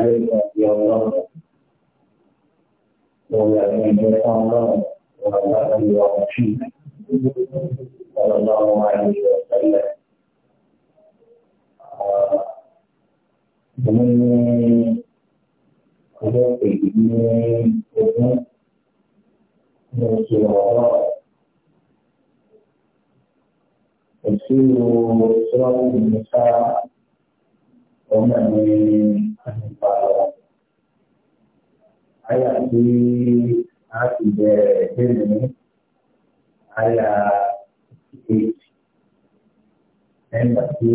عليك يا الله ويعينك الله وعلى أن يعطيك صلى الله عليه وسلم ومن خلق الدين والدين والصراط تفسير سورة النساء ومن àti ìpàdé. Àyà tí a ti bẹ̀rẹ̀ bẹ́ẹ̀ ní àyà èjì. Nígbà tí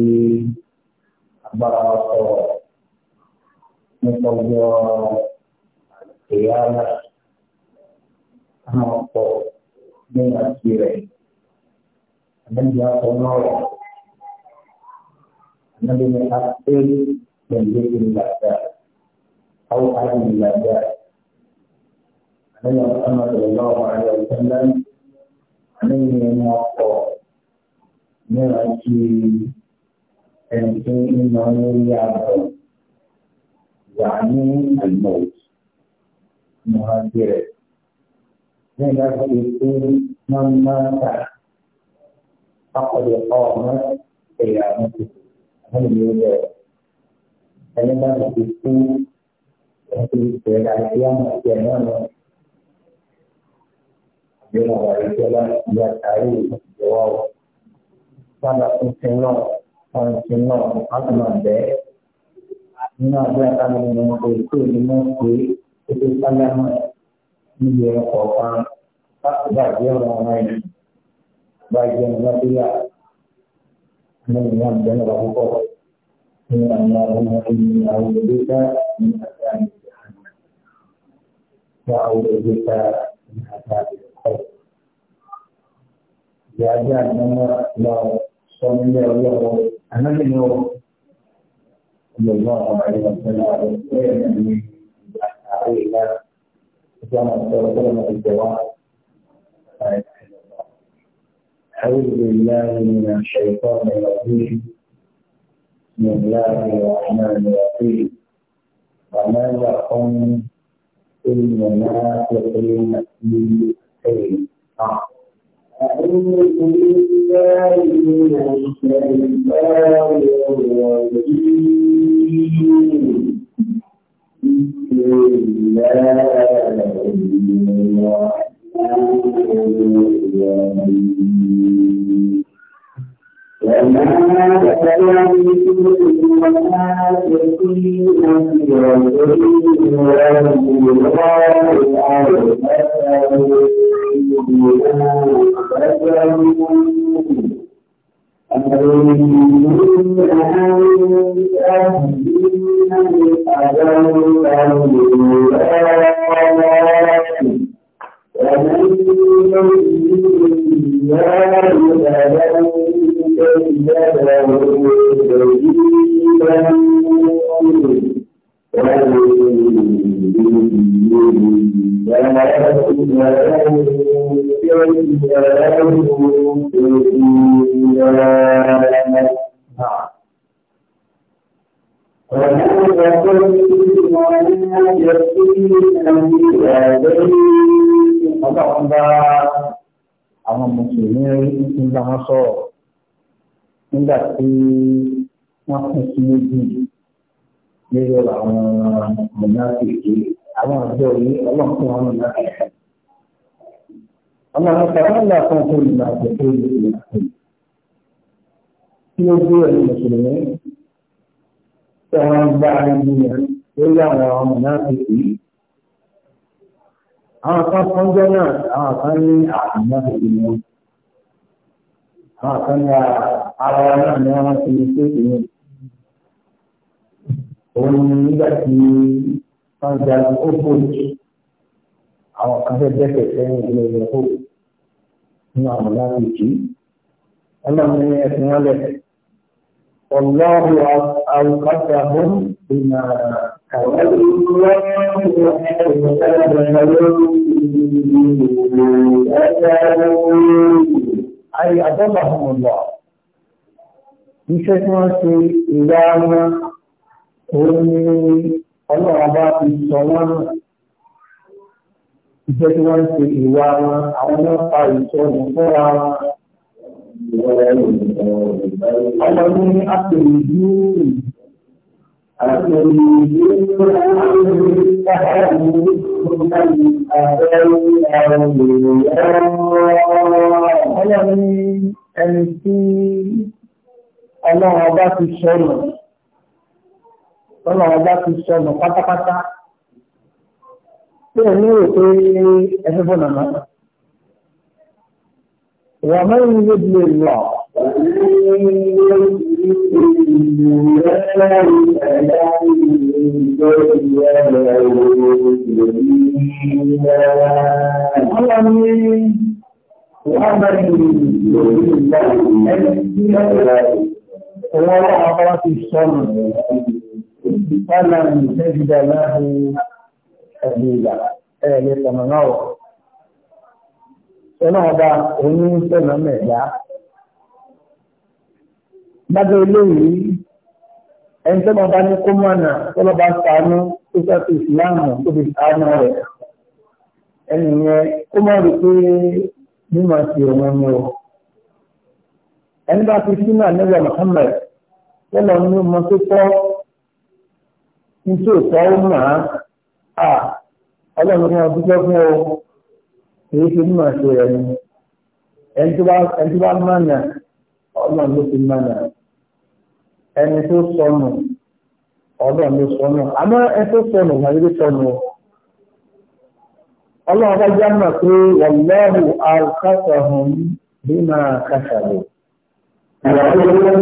agbára sọ̀rọ̀ nípa ọjọ́ ìyá àwọn ọ̀pọ̀ nígbà tí rẹ̀. Àbẹ̀jọ́ ọ̀pọ̀ náà rẹ̀. Àbẹ̀jọ́ ọ̀pọ̀ náà rẹ̀. من ذكر الأعداء أو عدم الأعداء النبي محمد صلى الله عليه وسلم عليه أن يقول يأتي من شيء غير يعبد يعني الموت مهاجر لأنه يقول من مات فقد قامت قيامته هل يوجد ẹni bá ti fi kú ẹni bẹ̀rẹ̀ àti àmọ̀ àti ẹ̀rọ náà àbí wọn wà ní ìjọba ìlú àtàrí ìjọba wọn. Sábà tún ti náà wọn ti náà wọn ti máa bẹ̀ẹ́. Nínú àbí àtàrí ni wọn kò tó ní mọ́ pé ètò sábà náà níbi ẹ̀rọ kọ̀ọ̀kan láti bàjẹ́ ọ̀rọ̀ wọn yìí. Bàjẹ́ ọ̀rọ̀ wọn ti yà ní ìyá ìjọba púpọ̀. اللهم إني أعوذ بك من عذاب جهنم وأعوذ بك من عذاب القبر Jaga nama Allah Suami Allah Anak ini Allah Alaihi Wasallam Saya ini Akhirnya Jangan terlalu menjawab أعوذ بالله من الشيطان الرجيم بسم الله الرحمن الرحيم وما يكن المنافقين في خير أعوذ بالله من الشيطان الرجيم بسم الله الرحمن الرحيم وما Thank you. اللهم تعالى فانصرنا على الحي المسلم في وجوه المسلمين سواء بعيدين إلا وهم نافقين أعطاكم جنات أعطاني أعناف اليوم أعطاني أعوانا نعمة المسلمين ومن يبكي فانجل أفوت أو قد دفت سنة إلى الأفوت nínú àwọn lápèjì ọlọ́run ní ẹ̀sìn wọn lẹ̀ ọlọ́run àwùkọ́ta fún ìmọ̀ àwọn ìlú ayé àdọ́bà fún ọlọ́ iṣẹ́ tí wọ́n ṣe ìyá wọn òun ni ọlọ́run bá ti sọ wọn náà ìjọ tí wọ́n ń ṣe ìwà wọn àwọn náà fa ìṣọ́nù fúnra wọn. Ọmọ ní àpèrè yìí àpèrè yìí àpèrè yìí Ọlọ́ ní ẹni tí ọlọ́run ọba ti sọnù, ọlọ́run ọba ti sọnù pátápátá pé ẹ ní rò pé ẹni bọ̀nà náà. Ìwà mẹ́rin ló di èlò. Àwọn ní wọ́n mẹ́rin ẹni tí wọ́n wọ́n wọ́n ti sọnù. Wọ́n náà ń tẹ́jú dáadáa ẹ̀bìlà ẹ̀yẹ tọ̀nà Ṣọ́nà ọba oyún sọ̀nà mẹ̀dá. Gbádùn eléyìí, ẹni tó bá ní kó mọ̀nà tó lọ́ bá tó sẹ́kù ìsìláàmù tó fi sànú rẹ̀. Ẹni yẹn kó mọ̀ rí pé mímọ̀ sí òun ni o. à ọlọ́run ní ọdúpẹ́ fún ọ èyí ti mọ̀ ṣe rẹ̀ ni ẹni tó bá mọ̀nà ọlọ́run ló ti ẹni tó sọnù ọlọ́run ló sọnù àmọ́ ẹni tó sọnù ló sọnù ọlọ́run pé ìyàwó ló ń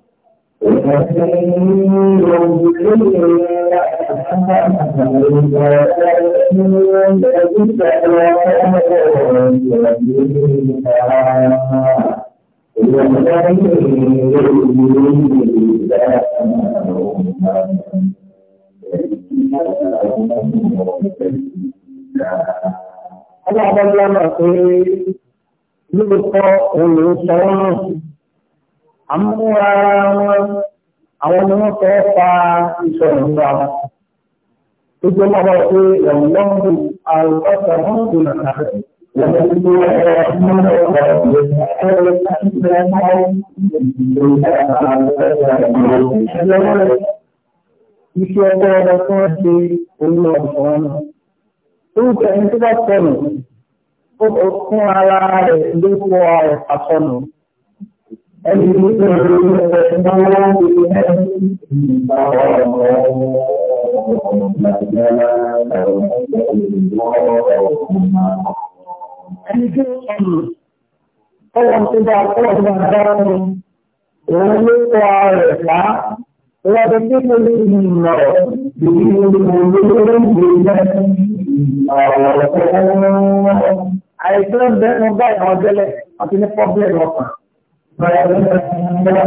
Ọlọ́run lọ́nà pé lóòótọ́ òun ló sọ ọ́nà àmúra wọn àwọn ọmọ wọn fẹ́ fa ìṣòro ńlá wọn. Gbogbo wọn bá pé ẹ̀wọ̀n lọ́wọ́ bí àwọn ọ̀sẹ̀ wọn kò nà ká. Iṣẹ́ ọgbọ́n ọba tí wọ́n ṣe orílẹ̀ ọ̀sán náà. Orúkọ ẹni tó bá sọnù, ó fún ara rẹ̀ ló fọ́ àṣọ nù. Ẹni Àìsàn bẹ́ẹ̀ báyìí àwọn àti ní pọ́blẹ̀ ọkàn. Ọlọ́run ṣàlẹ̀ ìpínlẹ̀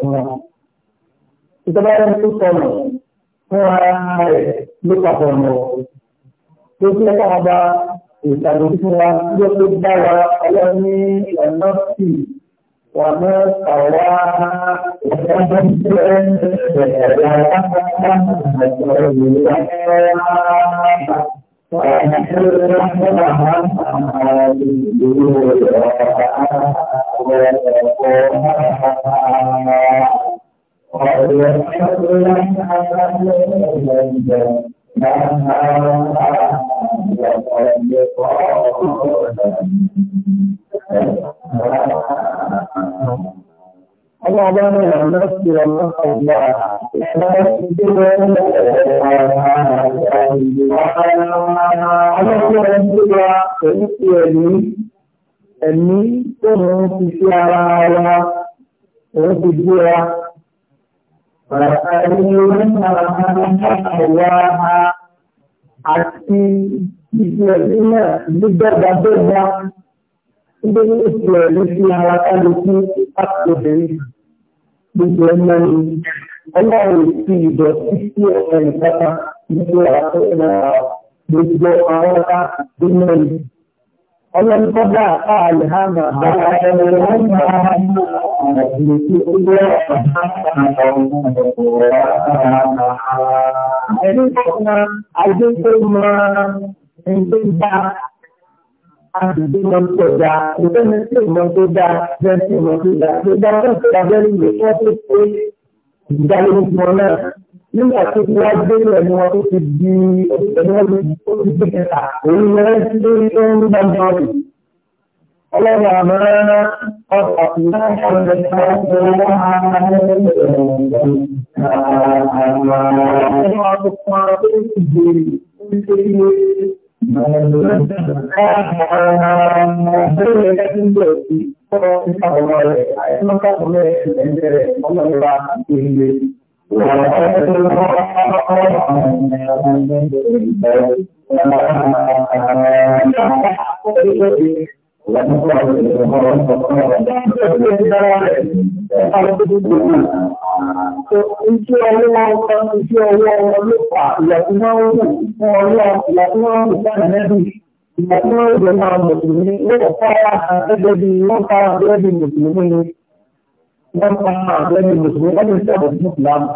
fún wọn. Ìjọba ẹni tó sọ̀rọ̀ fún ara rẹ̀ ló papọ̀ ọ̀nà ọ̀rọ̀. Tó kí ẹ̀ka ọba ìṣàlẹ̀ fún wa yóò tó bá wa ọlọ́run ní ọ̀nà sí i. وما طواها وتجد أن Thank you. Allah ba ne da nasu wannan abuwa, na wasu jirgin da ya yi wa àti ìṣẹ̀lẹ̀ náà gbígbẹ́gbàgbẹ́gbà ilé ìṣẹ̀lẹ̀ ló fi ara kálukú láti obìnrin gbogbo ẹ̀mọ́ ni ọlọ́run ti ìdọ̀tí sí ẹ̀rọ ìpátá gbogbo àwọn gbogbo àwọn ọ̀tá gbogbo ẹ̀mọ́ Ọlọ́run tó bá àpá àlèhámà àwọn ẹni wọ́n máa ń mú àwọn ìlú tí ó gbé ẹni tó máa ajé tó máa ń tó bá àdìdí mọ́ tó dá, ìgbẹ́ni tí ìmọ̀ tó dá, ìgbẹ́ni tí ìmọ̀ tó dá, ìgbẹ́ni tó dá bẹ́ẹ̀ ni ìgbẹ́ nígbà tó ti wá gbé ẹni wọn tó ti di ẹni wọn tó ti di kẹta èyí ni wọn ti lórí tó ń bá bá rè ọlọ́run àmọ́ ọkọ̀ náà ṣe ń bá wọn wá ẹni wọn tó pa tó ti béèrè ó ti lé Ọlọ́run Iṣẹ́ ọwọ́ ọkọ̀ iṣẹ́ ọwọ́ ọlọ́pàá ìyàtúmọ̀ òun fún ọlọ́ ìyàtúmọ̀ òun sáà nẹ́bí ìyàtúmọ̀ òun máa mùsùlùmí lọ́pọ̀ fáwọn àgbẹ̀bí wọ́n fáwọn àgbẹ̀bí mùsùlùmí ni wọ́n pa àgbẹ̀ni mùsùlùmí wọ́n ti sọ̀rọ̀ ní ìsìlámù.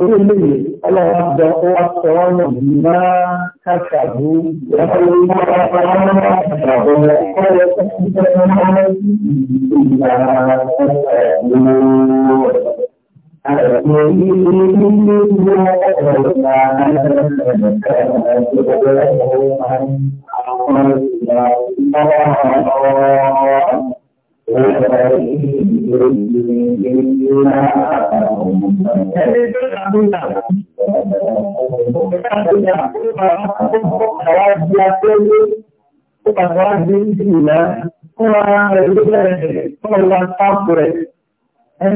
Orí ilé ọlọ́wọ́ bẹ ó wá sọ ọ́ nà má kàṣàbù Thank you. Ẹni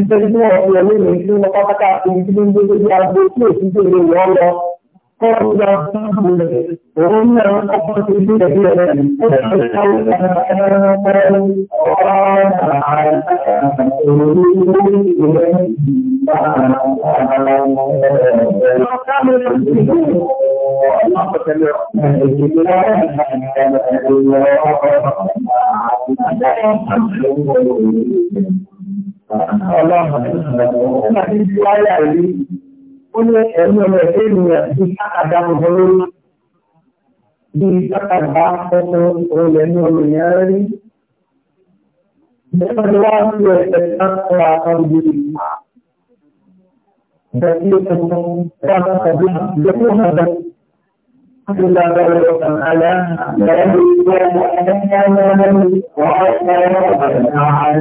tẹ́lifíwọ̀n ọ̀pọ̀lọpọ̀ ní ìlú ọpátákà àti ìdílé ń gbé gbogbo agbó tí òṣìṣẹ́ ìlú wọ́n lọ Ọlọ́run, ọ̀nà ìdíwáyà rí ó ní ẹ̀mí ọmọ ẹ̀fẹ́ ènìyàn bí sákàdá ọmọ lórí bí sákàdá ọmọ olè ní ọmọ ìyẹn rí. Bẹ́ẹ̀ ni wọ́n ń lo ẹ̀sẹ̀ kan fún àwọn ọmọ ìgbà. Bẹ́ẹ̀ ni ọmọ ìgbà kan bí ìjọba náà bá الحمد لله رب العالمين والصلاة والسلام على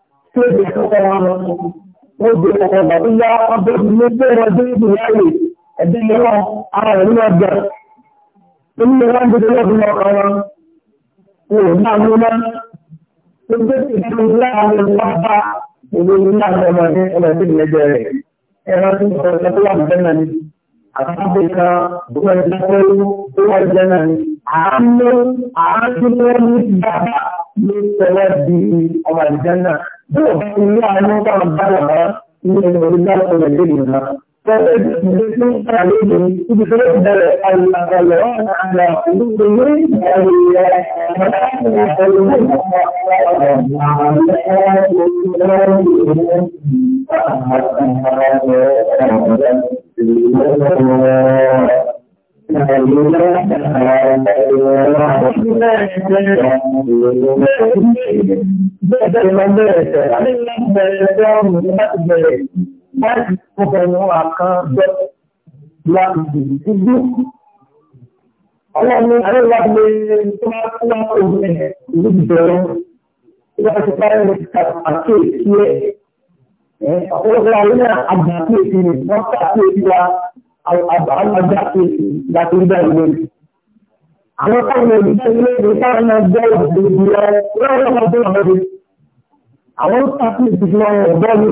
tí ó ti kọ́kọ́ wọn lọ ó di kọ́kọ́ bàbá yá ọdún ní bẹ́ẹ̀rẹ̀ ọdún ìlú láàyè ẹ̀dí ni wọn ara rẹ̀ nínú ọgbà nínú ni wọn dídí lọ́dún náà kan wọn wọn ò náà mú náà tó gbé ìlú láàrin wọn bá ìlú láàrin ọmọ ní ọlọ́dún ìlẹ́jẹ̀ rẹ̀ ẹ̀rọ tó ń sọ ẹ̀kọ́ wà bẹ́ẹ̀ náà ni àtàkùn kan bùkọ́ ìdájọ́ tó wà bẹ́ẹ̀ náà ni àánú àánú wọn ní bàbá ló sọ wá di ọmọ ìjẹ́ náà ilé àwọn ọba àbára ní ẹgbẹ̀rún orílẹ̀-èdè nàìjíríà náà tẹ́lẹ̀ ìdílé tó ń kà lóde ibi tó ń bẹ̀rẹ̀ àlàkalẹ̀ àlà olùgbòmí ìgbàlẹ̀ àwọn ọmọ ọmọ ọmọ ọmọ Láti ọkọ̀ ìwọ̀n àkàn jẹ́ láti ìdíjú. Ọlọ́run ni alẹ́gbàgbé tó máa ń wá òun ẹ̀ ìlú ìbẹ̀rẹ̀. Ìgbàtí pàrẹ̀ lè kàtàkì sí ẹ̀. Ọ̀pọ̀lọpọ̀ àwọn àgbà tí èsì rẹ̀ wọ́n kàtàkì sí wa àgbàlagbàtì láti rí bẹ́ẹ̀ lórí. Àwọn ọmọ ìgbẹ́ ilé ìwé táwọn náà jẹ́ ìgbèjì rẹ̀ lọ́wọ́ ọmọdé ọmọdé. Àwọn tàbí ìdíjú ọmọ ọ̀dọ́ mi.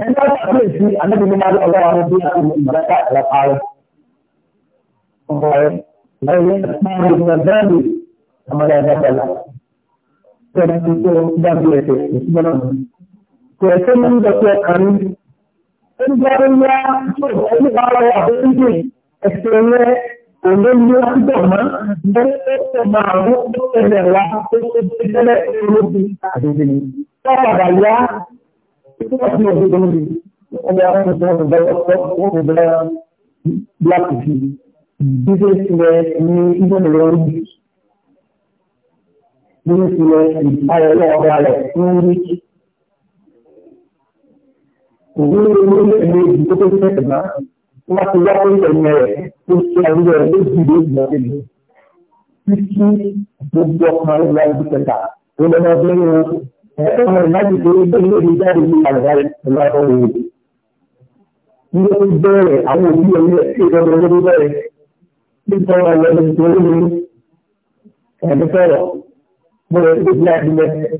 Ẹni tó tàbí èsì àlejò ní máa lọ́wọ́ àwọn bí i ìmọ̀lẹ́ta ẹ̀lọ́pàá rẹ̀. Ọ̀pọ̀ rẹ̀ lẹ́yìn ìpínlẹ̀ ìgbà bẹ́ẹ̀ ni ọmọdé ẹ̀dá bẹ̀lá. Tẹ̀lé tó dábìlẹ̀ tẹ̀ ìsúgbọ́n náà. Tẹ̀lé tó ń dọ̀tí ọkàn olùdaríyá olùdarí àbójútó ẹ̀sẹ̀ rẹ̀ olóyún ọdún mọ́ bẹ́ẹ̀ máa rú ẹ̀rẹ̀ wa tó ṣe tẹ́lẹ̀ ológun àdéhùn. Tọ́padà yá tó wà sí ọdún ológun ọmọ àwọn ọmọ ọmọ ọmọ ọmọ black fi dídé sílẹ̀ ní ilé ìlọrin dídé sílẹ̀ ìbáyọ̀ ọ̀gá rẹ̀ ìwúlò ẹ̀mẹ́jì tó tó fẹ́ ẹ̀má wọ́n ti wáyé ẹ̀mẹ́ rẹ̀ tó ṣe àwọn ẹ̀rọ ló jù ló jù lọ́dẹ̀ lọ. Títí gbogbo ọkùnrin wa ibi kẹta tó lọ́wọ́ bẹ́ẹ̀ o ẹ̀rọ ìmájì tó bẹ́ẹ̀ lórí jáde ní àgbà ìlú ọ̀rọ̀ òwò. Ní ó bẹ̀rẹ̀ àwọn òbí ẹ̀mí ẹ̀sìn ìjọba ló bẹ̀rẹ̀ nípa ọ̀rọ̀ ẹ̀mí tó lórí ẹ̀mí fẹ́rọ̀ mo rẹ̀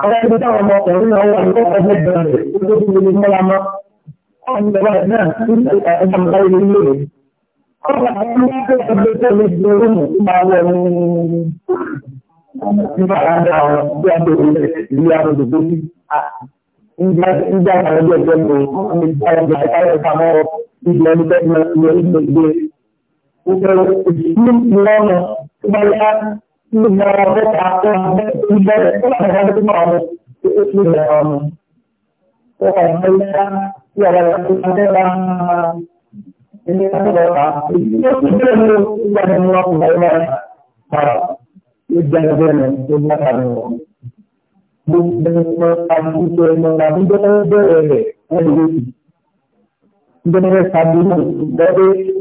àwọn ẹgbẹ́ táwọn ọmọkùnrin náà wà ní ọgbẹ́ bẹ̀rẹ̀ tó tó lè mọ́ra mọ́ ọ̀hún ìjọba náà ní ọjọ́ ìgbà ilé ilé rẹ̀. ọ̀pọ̀ àwọn ọmọ tó ẹgbẹ́ tó lè di orí mọ̀ tó máa wọ ní nígbà láńdà àwọn bí a tó lè ìlú àwọn òdòdó ní ìgbà àwọn ọjọ́ ìjọ mi ọ̀hún ìgbà àwọn ọjọ́ ìjọ pamọ́ ìgbà ẹni bẹ́ẹ̀ ni ìgbà ẹni bẹ́ẹ̀ Ini berada akan tidak ada mau itu dalam. Karena ya ada ini adalah itu sudah sudah melakukan para jangan jangan tidak ada. Bukan mengambil mengambil dari dari dari dari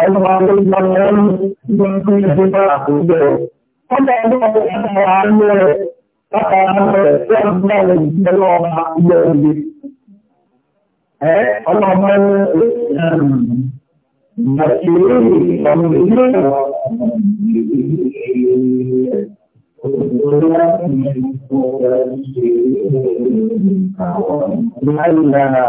àwọn ọmọ ìgbà wọn ní ọdún ìjọba àkójọ. Wọ́n bá ọdún ọdún ọmọ àárẹ̀ rẹ̀ látara rẹ̀ tí wọ́n bá lè jẹ́ lọ́wọ́ ilé ìgbé. Ẹ ọlọ́mọ ìgbàsílẹ̀ ọmọ ilé ìwọ̀ Láìláà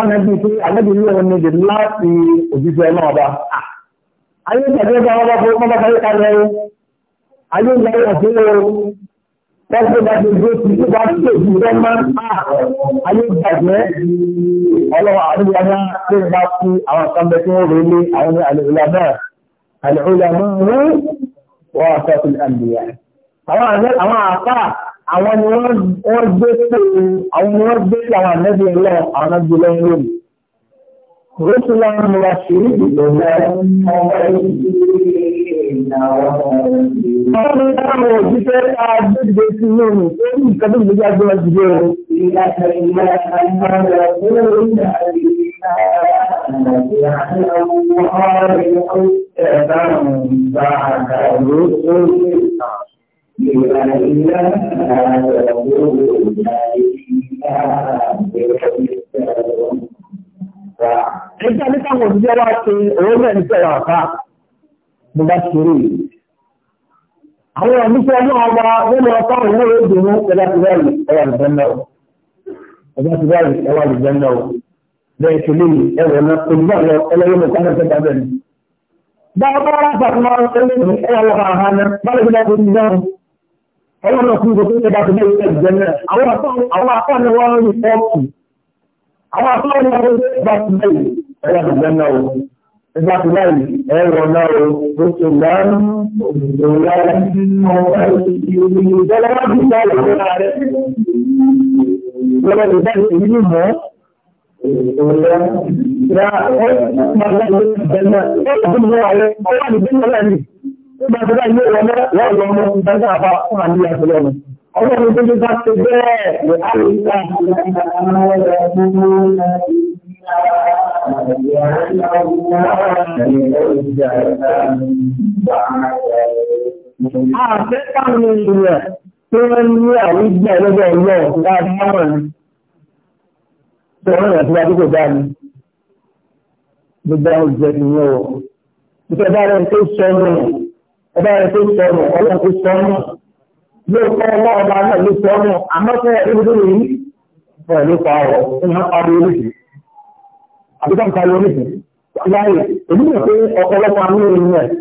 ọ̀nà bíi pé àgbẹ̀bí ní ọ̀nà èdè láti òjíṣẹ́ náà bá. Ayé ìgbàgbé bá wọ́n bá fún ọmọ bàbá yíká lọ rẹ̀. Ayé ìgbàgbé ọ̀tí lọ rẹ̀. Tọ́sí bá ti gbé ti tó bá ti lè fi máa ń pa. Ayé ìgbàgbé ọlọ́wọ́ àdúgbò ọmọ tó bá fi àwọn kan bẹ tí wọ́n lé àwọn àlùhùlà náà. Àlùhùlà náà rú wọ́n àtọ́kùn àmì àwọn ni wọ́n gbé pé àwọn ni wọ́n gbé pé àwọn ànẹ́bí ẹlọ́ àwọn ànẹ́bí lọ́wọ́ lónìí. Rúṣù láwọn ni wọ́n ṣe ìdìbò náà. Wọ́n ní káwọn òjíṣẹ́ àgbègbè sí lónìí tó ní ìkẹ́lẹ́ ìgbéga gbé wọn jùlọ rẹ̀. Ìyá Ẹjọ́ ní káwọn òṣìṣẹ́ wá ṣe owó mẹ́rin tẹ̀rọ ọ̀ká mo bá ṣeré. Àwọn òṣìṣẹ́ náà wá nínú ọ̀pá òwúrò ìdùnnú ẹ̀dá ti bẹ́ẹ̀ ẹwà lùbẹ́ náà. Ẹ̀dá ti bẹ́ẹ̀ ẹwà lùbẹ́ náà. Bẹ́ẹ̀ ṣe lè ẹwà náà olùgbà lọ ẹlẹ́yìn mọ̀ sáré fẹ́ dábẹ́ ni. Bá a bá rà fàtúmọ̀ ẹlẹ́yìn ẹwà lọ́kàn ọlọ́run náà fún gbogbo ẹgbẹ́ àti bẹ́ẹ̀ ìgbẹ́ náà àwọn afọ́ ni wọ́n rí fọ́ọ̀kù àwọn afọ́ ni wọ́n rí ẹgbẹ́ àti bẹ́ẹ̀ ẹgbẹ́ àti bẹ́ẹ̀ náà o ẹgbẹ́ àti bẹ́ẹ̀ ẹ̀rọ náà o ó ṣe lánàá òṣèlú lára ìjọba wá bí ìjọba ìjọba lọ́wọ́ ìjọba ìlú mọ́ Ìjọba ìjọba ìjọba ìjọba ìjọba ìjọba ìjọba ìjọba ìjọba nígbà tó bá ilé ìwọlé wọ́n lọ mú ìdájọ́ àpá fún àmì àtúlẹ̀ mi. ọlọ́run tó tó bá ti bẹ́ẹ̀ lè á lè ká Àfẹ́ káwọn ènìyàn tí wọ́n ní àrígbà lọ́jọ́ ìlọ́ dáadáa ni. Tọ́wọ́n rẹ̀ tí wá tí kò dáa ni. Gbogbo àwọn ìjẹ́ ìyẹn o. Ìfẹ́ bá rẹ̀ tó sọ ọ́nà ọba rẹ̀ tó sọnù ọlọ́run tó sọnù yóò kọ́ ọlọ́ọ̀ba náà ló sọnù àmọ́ fẹ́ ìdúró yìí fún ẹ̀ ló pa ọ̀ ní wọ́n parí oríṣi àbíkọ́ nǹkan ló oríṣi láyé èmi mọ̀ pé ọ̀pọ̀lọpọ̀ àwọn ènìyàn rẹ̀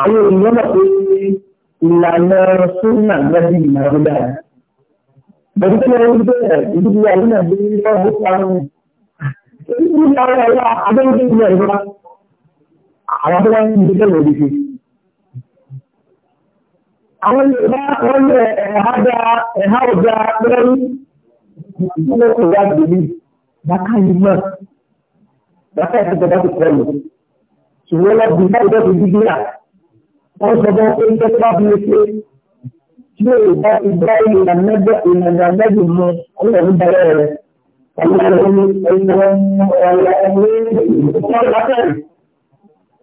àwọn ènìyàn mọ̀ pé ìlànà súnà gbẹ́bí ìlànà dára bẹ̀rù tí wọ́n ń bẹ̀rẹ̀ ìdílé àwọn ènìyàn bí wọ́n ń pa àwọn ènìyàn àwọn tó wọ́n ń gbé tẹ́lẹ̀ òbí ṣe. Àwọn ìgbà wọ́n lé ẹ̀há ọjà lẹ́rú ìpínlẹ̀ ìwà ìdòmí bàtà yìí mọ̀. Bàtà yìí tó bá ti kọlù. Ṣùgbọ́n lọ bí náà ìdọ́tí dídíyà. Wọ́n sọ bọ́ pé ń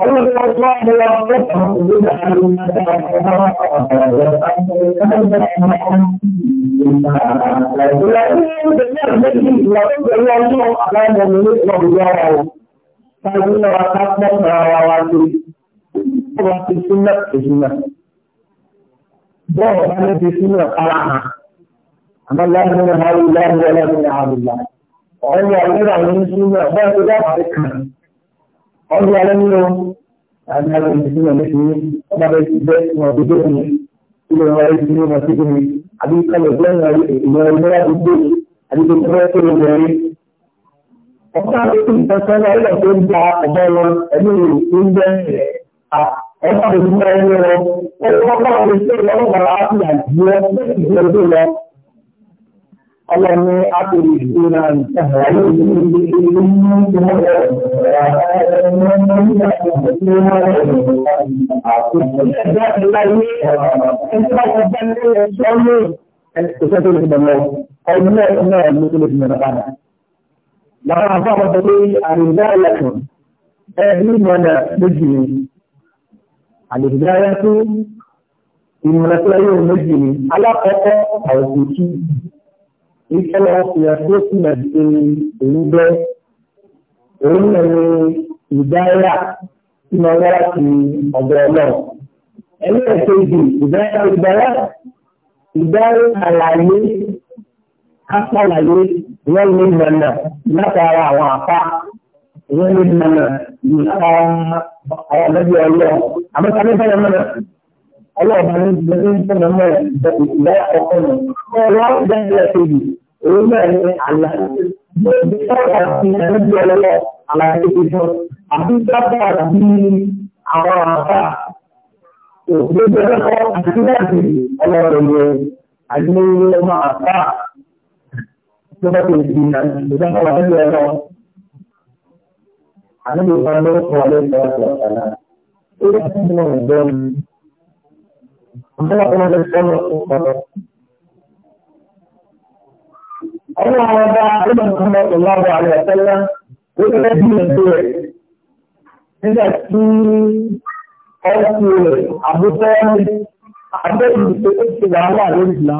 Tàbí lọ́wọ́ ká pọ́ ara wa lórí, ó wá ti súnmọ́ ìṣúná. Bọ́ọ̀ bá ní ti súnmọ́ ara hàn, àmọ́ láàrin ọmọ ìlànà ìlànà ìlànà. Ọ̀rẹ́ ni àwọn ìlànà ìṣúná bá ti dábàá kàn ọdún alẹ́ nínú àti àwọn ìdíjú wọn lẹ́sìn ní ọba bẹ́ẹ̀ ti bẹ́ẹ̀ wọn ò dédé ní ilé wọn lẹ́sìn ní wọn síbi ní àbí kálọ̀ bẹ́ẹ̀ wọn ìlọ ìlọ́wọ́ àdúgbò àbí tó tẹ́lẹ̀ tó lè bẹ̀rẹ̀. ọ̀pọ̀ àwọn ètò ìtọ́sọ́ náà ilẹ̀ tó ń gba ọ̀bọ wọn ẹ̀mí rẹ̀ tó ń bẹ́ ọ̀pọ̀ àwọn ètò ìtọ́sọ́ náà ilẹ̀ wọn اللهم أخرجنا من لقد أصاب بني الهداية أهل من نجري الهداية إن نسأل نجري على قطع أو ìṣẹ̀lẹ̀ ọkùnrin tó kùnà sí òun bẹ́ òun náà ní ìdáyà tí wọ́n wá láti ọ̀dọ̀ ọlọ́run. ẹlẹ́ẹ̀kejì ìdáyà ìdáyà ìdáyà àlàyé kápálàyé wọ́n ní ìmọ̀nà látara àwọn àpá wọ́n ní ìmọ̀nà látara àwọn ọ̀nàbí ọlọ́run. àmọ́ta ní bẹ́ẹ̀ mọ́nà ọlọ́ọ̀bá ní ìdáyà ọkọ̀ náà. ọ̀rọ̀ ìdáyà kejì òun náà ní àlàyé bí sábà ti ẹgbẹ́ ọlọ́wọ́ àlàyé ìjọ àbí sábà bí àwọn àbá òṣèlú ẹ̀kọ́ àti láti ọlọ́rọ̀ yẹn àgbéyé ọmọ àbá tó bá tó di ìdájọ́ wà nílẹ̀ ẹ̀rọ. Àdúgbò kan ló ń kọ́ lórí ọ̀sẹ̀ ọ̀sẹ̀ ó yẹ kí wọ́n ń bẹ́ẹ̀ ni. Àbúrò ọmọdé sọ́nà ó kọ́ lọ ọlọ́run ọba ọlọ́run ọmọ ìlọ́wọ́ àlẹ́ ọ̀tẹ́lá ó fẹ́ bí ètò rẹ̀ nígbà tí ọkù rẹ̀ àbúkọ́ àbẹ́yìn tó ó ti wà wà lórí ìlà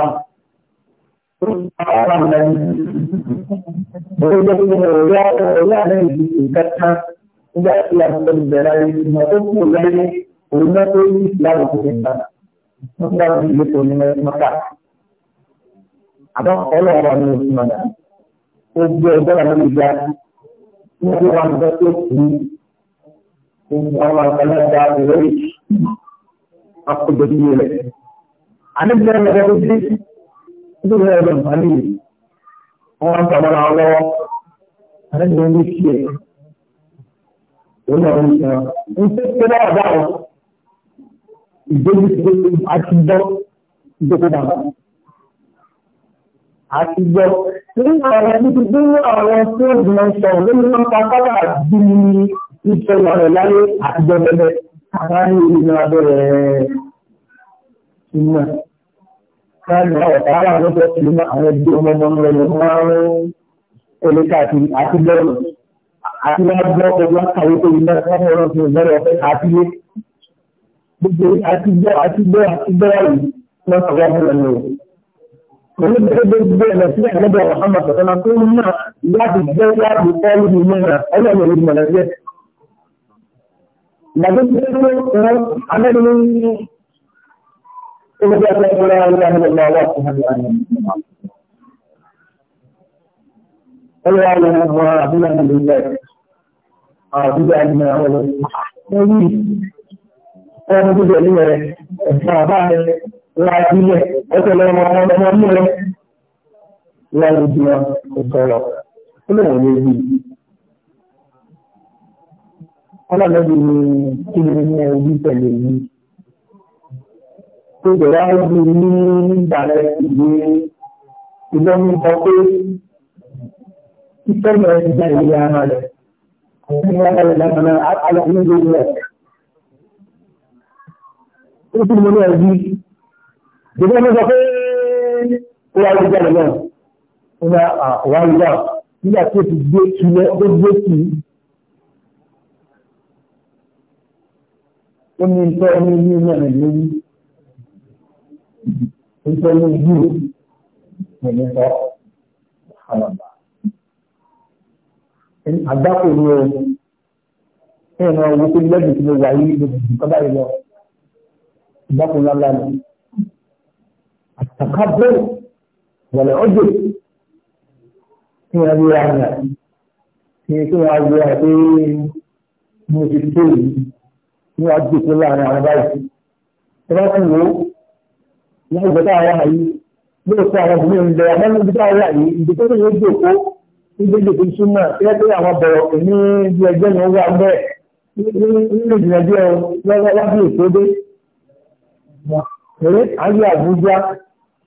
ọ̀rọ̀ àwọn ẹni ọ̀rọ̀ ọ̀rọ̀ àlẹ́ ìlú ìkẹta nígbà tí a ti bẹ̀rẹ̀ ìgbìmọ̀ tó kù lẹ́yìn òun náà tó ní ìlànà òkè nígbà tí ìlú tó ní mẹ́ta àbáwọn ọlọ́ọ̀rọ̀ ni òfin mọ̀dá ó gbé ẹgbẹ́ rẹ̀ lórí ìgbà tí wọ́n wá ń bẹ́ tó kù ní àwọn ọ̀pọ̀lọpọ̀ ìwéyì akọ̀gbẹ̀bí rẹ̀. Àdébìlẹ̀ ẹ̀rọ tó dé nítorí ẹ̀rọ ìbálẹ̀ yìí wọ́n ń tọ́mọ́ ra lọ́wọ́ àdébìlẹ̀ ń fi ẹ̀ òun náà ń sọ ń tẹ́ tẹ́ lọ́wọ́ dáhùn ìgbésí àti dán ìdókòdà àti gbọ́. Nínú ọ̀rọ̀ níbi bí ọ̀rọ̀ tí ó gbọ́n sọ lórí wọn pa kọ́lá bí ìṣẹ̀lẹ̀ ọ̀rọ̀ láyé àtijọ́ bẹ́ẹ̀ àwọn ìlú abẹ́rẹ́ ìmọ̀. Káàdì ọ̀tá wà lọ́jọ́ ìlú àwọn ẹbí ọmọ ọmọ rẹ̀ ló máa ń ẹlẹ́ káàkiri àti lọ́rọ̀. Àti wọ́n gbọ́ ọgbọ́n kàwé tó yìí náà wọ́n rọ̀ fún ìbẹ̀rẹ̀ ọ̀fẹ́ àti yé. Gbogbo àti gbọ́ àti gbọ́ àti gbọ́ yìí lọ́sọ̀rọ̀ ọ̀hún lọ́wọ́ pẹ̀lú gbogbo ẹ̀nà sí àlẹ́bẹ̀ Muhammad ọ̀sánà tó ń náà láti jẹ́ láti bọ́ lórí mẹ́ra ọlọ́run ìlú mọ̀lá jẹ́. Ìgbàgbé tí ó rán alẹ́nu ní ọjọ́ ẹgbẹ́ ọlọ́run ní àlẹ́bẹ̀ máa wà fún àlẹ́ àlẹ́. Ọlọ́run àwọn ọmọ àbúrò àmì ìlú ẹ̀ àbúrò àmì ọlọ́run. Wọ́n rí ọmọ tó bẹ̀rẹ̀ ẹ̀ka àbá rẹ̀ láàbílẹ̀ ọ̀tẹ̀lẹ̀ ọmọ ọmọ ọmọ rẹ̀ láàrúdúnà ó lè wọ̀nyé bí i. ọlọ́lẹ́bí ni kí ni ní ẹbí pẹ̀lú èyí tó bẹ̀rẹ̀ áwùjú ní ìbàrẹ̀ ìwé ìlọ́mú sọ pé títẹ́ lọ ẹgbẹ́ ìwé ara rẹ̀ ní ara rẹ̀ lọ́kànnà alọ́kùnrin lórí rẹ̀. ó sì mú ní ẹbí Gbogbo ọmọ sọ pé ó wá ìjà lọ́wọ́. Ó ní àwa ìjà nígbà tí ó ti gbé kí lọ, ó gbé kí. Ó ní ìtọ́ ní ní ìmọ̀ rẹ̀ lórí. Ìtọ́ ní ìlú rẹ̀ ní sọ. Àgbákò ni o. Ẹ̀rọ owó tó lẹ́bùn tí mo wà àtàkàbọ̀ wọ̀lẹ̀ ọjọ́ tí wọ́n rí ara rẹ̀ tí wọ́n rí ara pé mo ti tó yìí tí wọ́n á jòkó láàrin àwọn báyìí. ẹ bá ti wò ó láì gbọ́dọ̀ àwọn àyè lóòótọ́ àwọn obìnrin ń bẹ àmọ́ níbi tó àwọn àyè ibi tó yẹ jòkó ibi jòkó súnmọ́ ẹ lọ́wọ́ lábí ètò dé. ayé Àbújá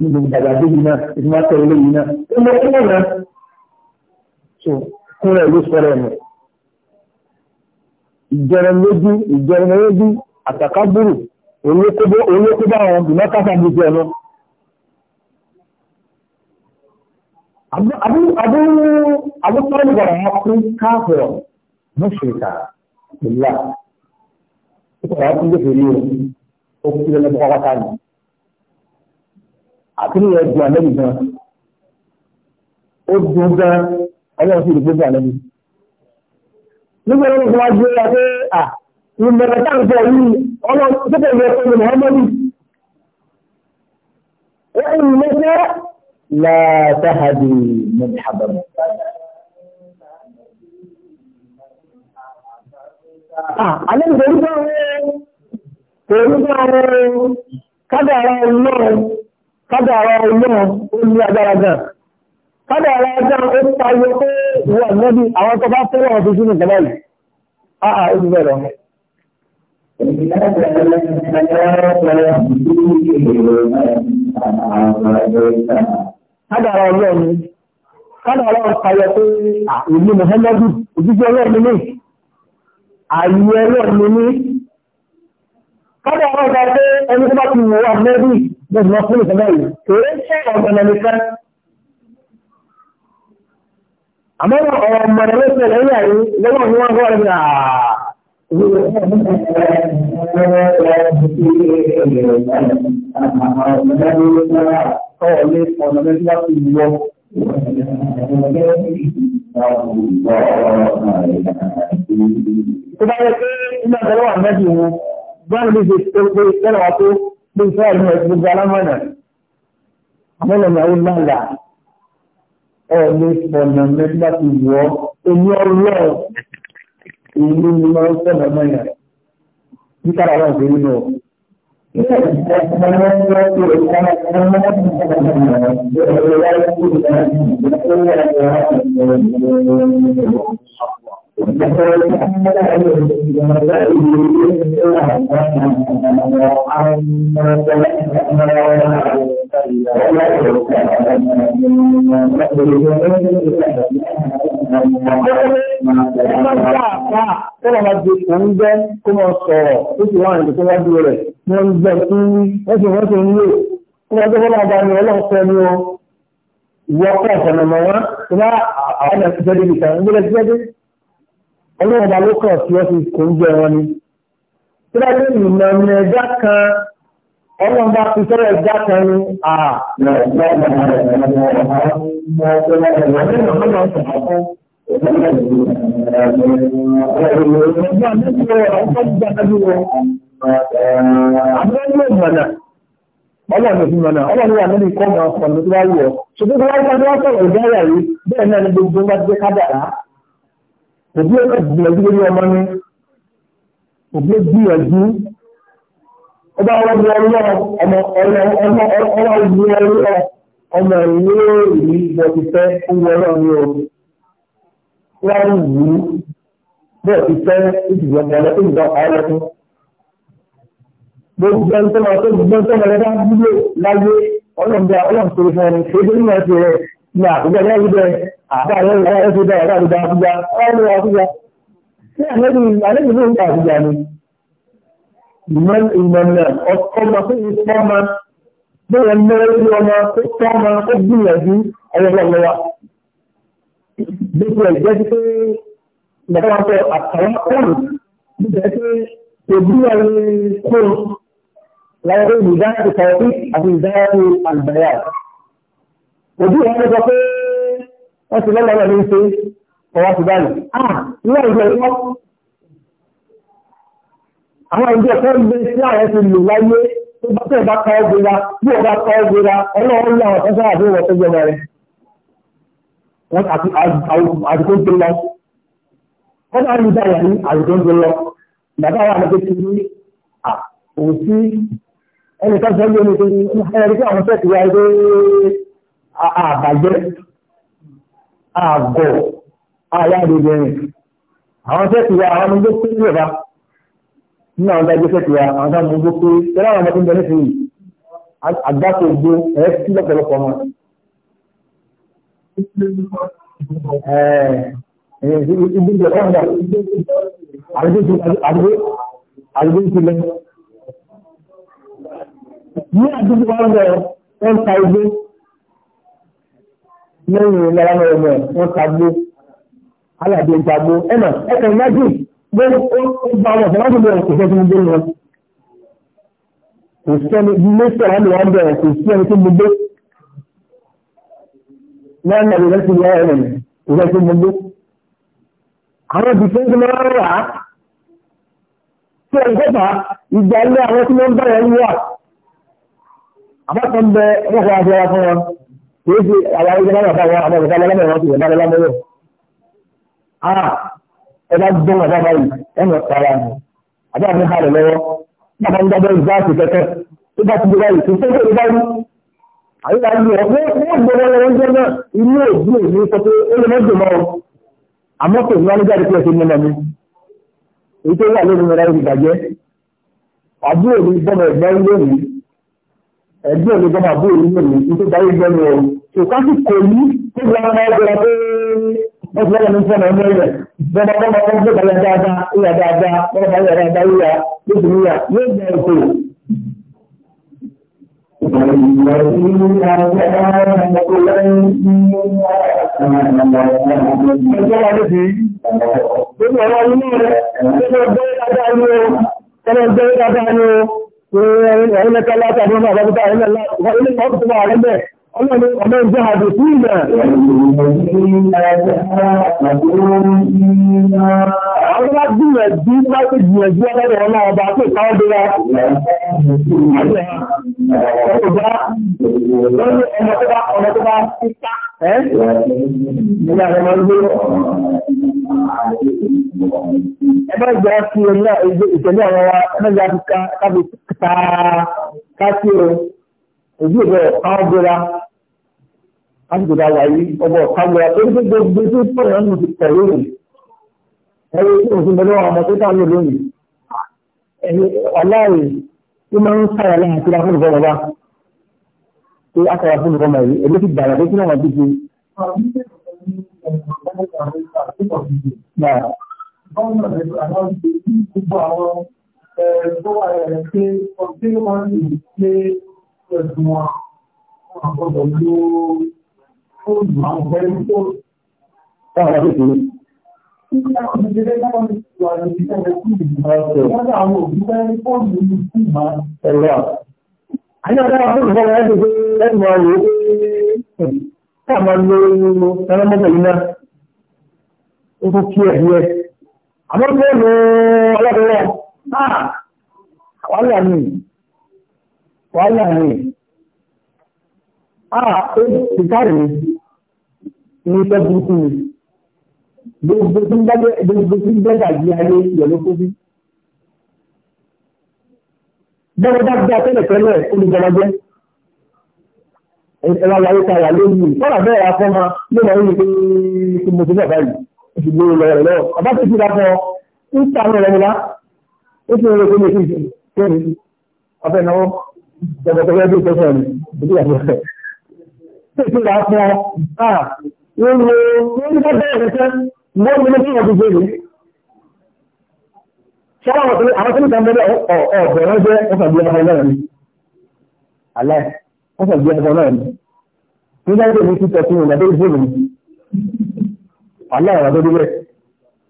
ní gbogbo dàgbàdé yìí náà ìfúnmá tẹ̀lé lé yìí náà ó lọ kúrò náà so kún rẹ̀ ló sọ̀rọ̀ ẹ̀mọ̀ ìjẹrẹmẹ́jú ìjẹrẹmẹ́jú àtàkábùrù olókóbá àwọn bìmọ́ káfàmù jẹ ẹ̀mọ́ abúkọ́lù gbàrà wọn kún káfọ̀rọ̀ mọ́ṣẹ̀ká ìlà ó kọ̀ọ̀rọ̀ kún lóṣèlú ó kú lọ́lọ́pọ̀ pátá nìyí àtúnyẹ ẹdùn àlẹ́bí gan ó dùn gan ọlọ́run sì lè gbé àlẹ́bí. nígbà tó wá gbé wa pé à ìmọ̀ràn táǹkọ̀ yìí ọlọ́run tó tẹ̀lé ẹ̀kọ́ ní muhammadu wọ́n ń lọ́jọ́ látàhàdì mọ̀bí àbámu. Àlẹ́ ìgbèrú bá wọn, ìgbèrú bá wọn, kádàrá ọlọ́run kádàrá ọlọ́run ó ní agbára gan kádàrá gan ó tayọ pé ìwọ àgbẹ̀bí àwọn tó bá fẹ́ràn ọ̀tún sínú ìjọba yìí áà ah, ah, ó ti bẹ̀rẹ̀ ọmọ. kádàrá ọlọ́run kádàrá ọlọ́run tayọ pé ìlú ah, muhammadu òjíjẹ́ ọlọ́run ní àyè ọlọ́run ní Kọ́dọ̀ wọn sọ pé ẹni tó bá ti wò wá mẹ́bí bẹ́ẹ̀ lọ fún ìṣẹ̀lẹ̀ yìí. Kèé ṣe ọ̀gbọ̀nà nìkan. Àmọ́ ọ̀rọ̀ ọ̀gbọ̀nà ló ṣẹlẹ̀ ní àyè lọ́wọ́ ni wọ́n gbọ́ ẹ̀mí àà. Ọ̀lẹ́ ọ̀nà mẹ́bí wá ti wọ́. Tó bá yẹ pé ilé ọ̀gbọ̀nà wà wọn báwo ló ṣe pé kọ́lọ̀ wá tó pé ìfẹ́ ìlú ẹ̀sìn gbogbo alámọ̀nà àmọ́nà ìyàwó lálà ẹ̀ lè fọ̀nà mẹ́ta ti wọ́ omi ọlọ́ ìlú ni wọ́n fọ̀nà mọ́nà ní kára wọn kò nínú. Thank you. Wọ́n ń gbẹ́ tí wọ́n sì wọ́n sì ń lò. Wọ́n tó fọ́nà ọba ni ọlọ́pẹ́ ni ó wọ́pẹ́ ọ̀sán ọmọ wọn. Wọ́n á àwọn ẹ̀sìn jẹ́ débi kan, ń gbẹ́lẹ̀ jẹ́ ọlọ́run ọba ló kàn sí ọ́fíì kò ń jẹ wọn ni. tí wọ́n ní ìmọ̀ ní ẹja kan ọlọ́run bá fi sọ́rọ̀ ẹja kan ni à. Àbúrò mọ̀nà, ọlọ́run òfin mọ̀nà, ọlọ́run wà nínú ikọ́ máa sọ̀rọ̀ tó bá wù ọ́. Ṣùgbọ́n tó bá wù ọ́ sọ̀rọ̀ ìdáyà yìí, bẹ́ẹ̀ náà ni gbogbo bá jẹ́ kádàrá òbí ọ̀gá gbìyànjú lórí ọmọ ni òbí gbìyànjú ọba ọlọ́dún ọlọ́ ọmọ ọlọ́dún ọlọ́ ọmọ ìwé ìlú ìjọba fẹ́ owó ọlọ́run o wọ́n wù ú bẹ́ẹ̀ ti fẹ́ ìdìbò ọmọ ọlọ́dún ìjọba ọlọ́dún gbogbo ẹni tó máa tó gbogbo ẹni tó máa lọ́dá dúró láyé ọlọ́run tó fẹ́ ni ṣé bí wọ́n ti rẹ̀ ní àkójọ láyé bẹ́ẹ̀ àbáyọ̀ ẹ̀ ti bá ọ̀gá àdúgbò àfúgbà ọ̀rọ̀ àfúgbà tí àlejò ló ń gba àfúgbà ni ìmọ̀nà ọmọ tó ń pọ́ ma bẹ́ẹ̀ mẹ́rẹ́ sí ọmọ tó pọ́ ma tó gbìyànjú ọlọ́lọ́wà gbogbo ẹ̀ jẹ́ sí pé bàbá wọn fẹ́ àtàwọn ọ̀rọ̀ níbẹ̀ pé èbí àwọn kó láwọn olùdáyàtò kọ̀ọ̀kí àti ìdáyàtò àgbàyà òbí wọn lọ sọ pé wọ́n ti lọ́nà náà ní ṣe ọwọ́ ti báyìí ah ìwọ ìjọ ìwọ àwọn ìjọ ẹ̀kọ́ gbé sí àwọn ti lò láyé tó bá tẹ̀ bá kọ́ gbéra bí ọba kọ́ gbéra ọlọ́run ní àwọn tọ́sí àbí ìwọ tó jẹmọ rẹ wọ́n àti àdìgbò ń lọ wọ́n bá rí báyà ní àdìgbò ń lọ bàbá wa ló ti ní òsí ẹnì sọ ní ẹni tó ní ẹni àgọ̀ aláàrẹ̀bẹ̀rẹ̀ àwọn tẹ́tìwà àwọn ọmọ ìgbókú ìrẹ̀bá ní àwọn tẹ́jú tẹ́tìwà àwọn tẹ́jú ọmọ ìgbókú tẹ́lá àwọn ọmọ ìgbókú nífìrí àgbákò ògbó ẹ̀ sí lọ́pọ̀lọpọ̀ wọn. ní àdúgbò wọn bẹ̀rẹ̀ ẹ̀ ń ta igbó lẹ́yìn ìlera náà mọ̀ wọ́n tagbó aláàbí ń tagbó ẹ̀nà ẹ̀kọ́ ìmájì gbé ó gba ọmọ ọ̀sán láti bẹ̀rẹ̀ kò fẹ́ tí mo gbé wọn. kò sẹ́ni ilé sọ̀rọ̀ àmì wọn bẹ̀rẹ̀ kò sí ẹni tí mo gbé. wọ́n ń nàbẹ̀ lẹ́sìn ìyá ẹ̀rẹ̀ kò fẹ́ tí mo gbé. àwọn ibi tí wọ́n máa ń rà á tí wọ́n gbọ́dọ̀ ìgbà ilé àwọn tí wọ́n bẹ̀rẹ̀ ń wà. àbátan bẹ wọ́n kọ́ kìí ṣe àwọn ẹgbẹ́ náà bá wọn àwọn ọ̀gá lọ́mọ ìwọ̀n ti yẹ̀dá lọ́mọ yẹn. a ẹ bá gbọ́n ọ̀gá báyìí ẹnu ọ̀sára ni àbí àmì ha rẹ̀ lọ́wọ́ bàbá ń dábẹ́ gáàsì kẹ́kẹ́ tó bá ti di báyìí tó tó tó báyìí. àyè bá yẹ ọ pé wọ́n gbọ́dọ̀ lọ́wọ́ ń jẹ́ náà inú òbí òbí sọ pé ó lè mọ́jọ mọ́ àmọ́ kò ní wọ́n jáde pé ẹ̀sìn mímọ́ mi èyí tó wà lónìí rẹ̀ ìbàjẹ́ àbúrò mi bọ́mọ̀ ẹ̀gbọ́n lónìí ẹgbẹ́ mi gbọ́dọ̀ bó ìlú mi nítorí darí gbẹ́nu ẹ̀ kò káàkì kò ní tó gba ọmọ ọgbẹ́ra pé wọ́n ti lọ́wọ́ ní fún ọmọ ẹ̀rẹ̀ bọ́dọ̀ bọ́dọ̀ bọ́dọ̀ gbé balẹ̀ dáadáa ìyá dáadáa bọ́dọ̀ bá dáadáa ìyá lóṣù níyà yóò gbẹ ètò. Ẹjọ́ wa ló fi gbogbo ọ̀rọ̀ inú rẹ̀, gbogbo ọ̀gbẹ́ dáadáa ni o, gbogbo ọ̀gbẹ́ dáadáa ni o ẹ̀rẹ́lẹ̀ tẹ́látà ní ọmọ àbábútà ẹ̀rẹ́lẹ̀ ọ̀pọ̀tọ̀mọ̀ àrẹ́bẹ̀ ọlọ́run ọmọ ìjọ àdò sí ìgbà àwọn bá gbìyànjú bá tó gbìyànjú ọlọ́run ọmọ ọba tó káwọ́ dọ́ra ọmọ tó bá ọmọ tó bá ẹgbẹ́ ìgbà fi ẹ̀yà ìtẹ̀lé àwọn wa ẹgbẹ́ ìgbà kábi ta káṣí o òbí ìbẹ̀ àwọn bóra láti dá wáyé ọgbọ̀ kábọ̀ra tó ń gbé gbogbo tó pọ̀ náà nù ti tẹ̀lé rẹ̀ ẹ̀rọ tí mo ti mẹ́lẹ́ wọn ọmọ tó tà ní lónìí ẹ̀yìn ọláàrẹ̀ tó máa ń sára lẹ́yìn tí wọ́n fún ọmọ bá tó á sára fún ọmọ yìí èmi ti gbàgbà tó kí náà wọ́n ti Náà. Gọ́ọ̀nà rẹ̀ àwọn ìgbè tí gbogbo àwọn tó wà rẹ̀ pé ọdún wọn lè pé ẹ̀sùn wọn àgbọ̀dọ̀ ló fóònù àwọn ọ̀gbẹ́ni tó. Báwo ló ti rí? Nígbà tí wọ́n ti rí lọ́wọ́ ní ìwà ìdíjẹ́ rẹ̀ kú ìdíjẹ́. Wọ́n dá àwọn òbí bẹ́ẹ̀ ní fóònù ní ìkú ìmọ̀ ẹ̀rọ. Àyọ̀ dára fóònù fọ́nà ẹ̀ tá a máa lo ẹran mọ́tò yìí náà ó tó kí ẹ̀ díẹ̀ àmọ́ tó lo ọlọ́dọ̀ọ́lọ́ náà wàhálà ni wàhálà ni a ó ti káàrí ní iṣẹ́ burúkú ni gbogbo tí ń bẹ́ẹ̀ àjí ayé ìyọ̀ló kó bí bẹ́ẹ̀ dáadáa tẹ́lẹ̀ tẹ́lẹ̀ olùgbàlàjẹ́ ẹ̀rọ ayé ta wà lórí mi kọ́nà bẹ́ẹ̀ afọ́ ma ló máa ń rí i pé mo ti bẹ̀ báyìí o sì gbé lọ rẹ̀ lọ́wọ́ ọba tó ti ra fún ọ ń ta ní ọ̀rẹ́ mi lá ó ti rẹ̀ kó mi kí n ṣe mi ọbẹ̀ náà jẹ̀bọ̀tẹ̀wé bí ìtọ́sọ̀ mi ìdí àti ọ̀rẹ́ tó ti ra fún ọ à ń lo ní ní bẹ́ẹ̀ rẹ̀ sẹ́ mo ní ní kí wọ́n ti gbé mi. sọ́wọ́n àwọn tó ní kan bẹ́ẹ̀ ọ̀ wọ́n sọ gbé ẹgbẹ́ náà ni nígbà tó ní títọ́ fún ìgbà tó dé mi wàhálà ọ̀rọ̀ tó débẹ̀